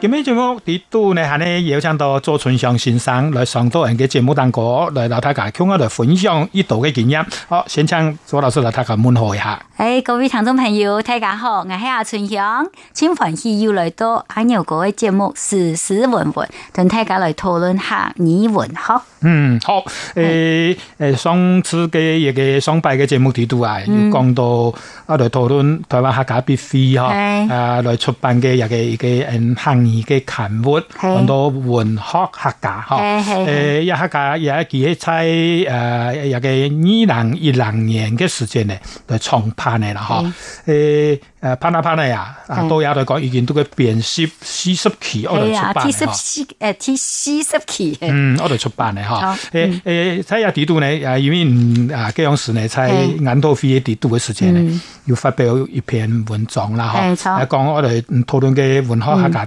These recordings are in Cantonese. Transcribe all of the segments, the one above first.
今日節目啲都呢係呢邀請到左春香先生來上多人嘅節目當中嚟，老大家傾下，嚟分享呢度嘅經驗。好，先請左老師嚟大家問候一下。誒、哎，各位聽眾朋友，大家好，我係阿春香，請歡喜要嚟到阿牛哥嘅節目，時時穩穩，同大家嚟討論下耳問。好，嗯，好，誒、哎、誒、哎呃，上次嘅一個上擺嘅節目啲都啊，要、嗯、講到啊嚟討論台灣客家筆會嗬，誒、啊，來出版嘅一個一個嗯，嗯，嗯嘅勤活，好多文學客家，嗬，誒、欸，一作家有一幾起在誒，二零二零年嘅時間咧，嚟創刊嚟啦，嗬，誒、欸、誒，拍下拍下呀，啊，都也在講已經都嘅編輯四十期，我哋出版啦，誒，T 四十期，嗯，我哋出版咧，嚇，誒誒，睇下地圖咧，啊，因為啊，幾樣事咧，在研討會地圖嘅時間咧，又發表一篇文章啦，嚇、嗯，嚟講我哋討論嘅文學客家。嗯嗯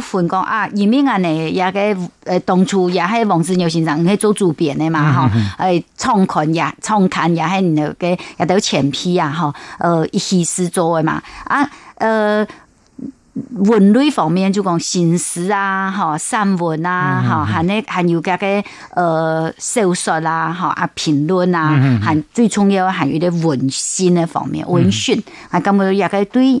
分工啊，前面啊，呢也個誒，當初也喺黃子堯先生去做主編的嘛，哈、嗯，誒，創刊也創刊也喺你個也都要前批啊，哈、嗯，呃、啊，一些事做嘅嘛，啊，呃，文類方面就講新詩啊，哈，散文啊，哈、嗯，還呢還有加個呃小說啦哈啊評論啊，還個、呃色色啊啊啊嗯嗯、最重要還有啲文心嘅方面，嗯、文訊、嗯、啊，咁我也個對。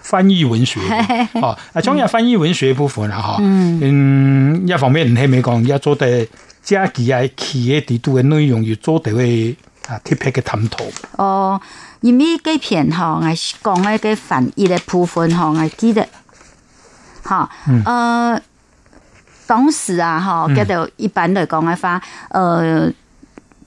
翻譯文學， 哦，啊，仲有翻譯文學部分啦，哈、 嗯，嗯，一、嗯、方面唔係咪講，要做得家己啊企業度嘅內容，要做得去啊特別嘅探討。哦，因為嗰篇嗬，我係講嘅嘅翻譯嘅部分嗬，我記得，哈、哦嗯，呃，當時啊，嗬、嗯，叫做一般嚟講嘅話，呃。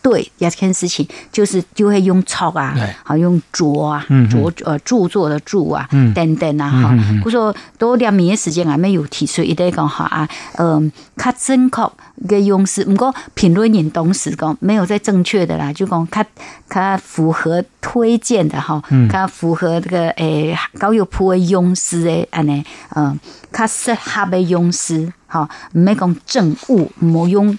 對，一件事情就是就會用錯啊，好用拙啊，拙呃、嗯嗯、著作的著啊、嗯，等等啊，哈。我說多點，明日時間外面有提出一堆講哈啊，嗯，較、嗯嗯嗯、正確嘅用詞，唔過評論人同時講沒有在正確的啦，就講較較符合推薦的哈，較、嗯、符合這個誒教育普的用詞誒，安尼，嗯，較適合的用詞，好，唔係講政務冇用。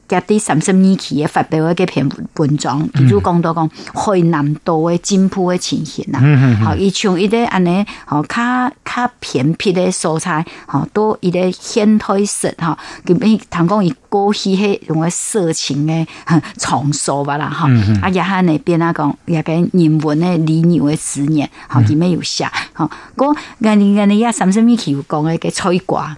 三一啲三十二期嘅發表一啲篇文章，比如講到講海南島誒進步誒情形啦，好伊像伊咧安尼，吼較較偏僻嘅所在，好多一啲現代色，哈！佢咪通講伊過去喺用誒色情嘅場所啦，吼、嗯嗯，啊！而家喺呢啊講而家人文誒旅遊誒理念，好佢咪又寫吼，好安尼安尼一三十二期有講嘅嘅菜瓜。